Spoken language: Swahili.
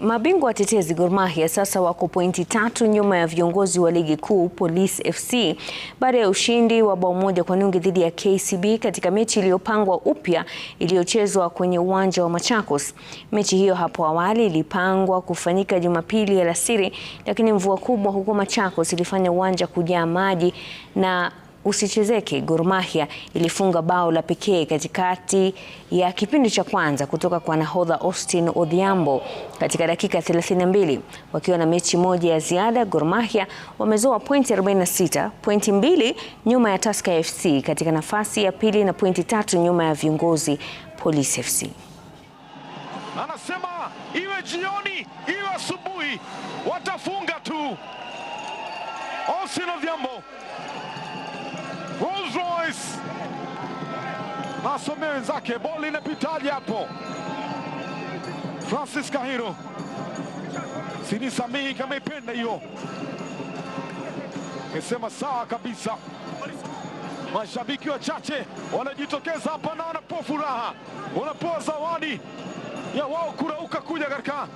Mabingwa watetezi Gor Mahia sasa wako pointi tatu nyuma ya viongozi wa ligi kuu Police FC baada ya ushindi wa bao moja kwa nunge dhidi ya KCB katika mechi iliyopangwa upya iliyochezwa kwenye uwanja wa Machakos. Mechi hiyo hapo awali ilipangwa kufanyika Jumapili alasiri, lakini mvua kubwa huko Machakos ilifanya uwanja kujaa maji na usichezeke, Gor Mahia ilifunga bao la pekee katikati ya kipindi cha kwanza kutoka kwa nahodha Austin Odhiambo katika dakika 32. Wakiwa na mechi moja ya ziada, Gor Mahia wamezoa pointi 46, pointi mbili nyuma ya Tusker FC katika nafasi ya pili na pointi tatu nyuma ya viongozi Police FC. Anasema iwe jioni iwe asubuhi watafunga tu. Austin Odhiambo Morris na wenzake, boli inapitaje hapo? Francis Kahiro sini samihi kama ipenda hiyo, mesema sawa kabisa. Mashabiki wachache wanajitokeza hapa na wanapoa furaha, wanapoa zawadi ya wao kurauka kuja katika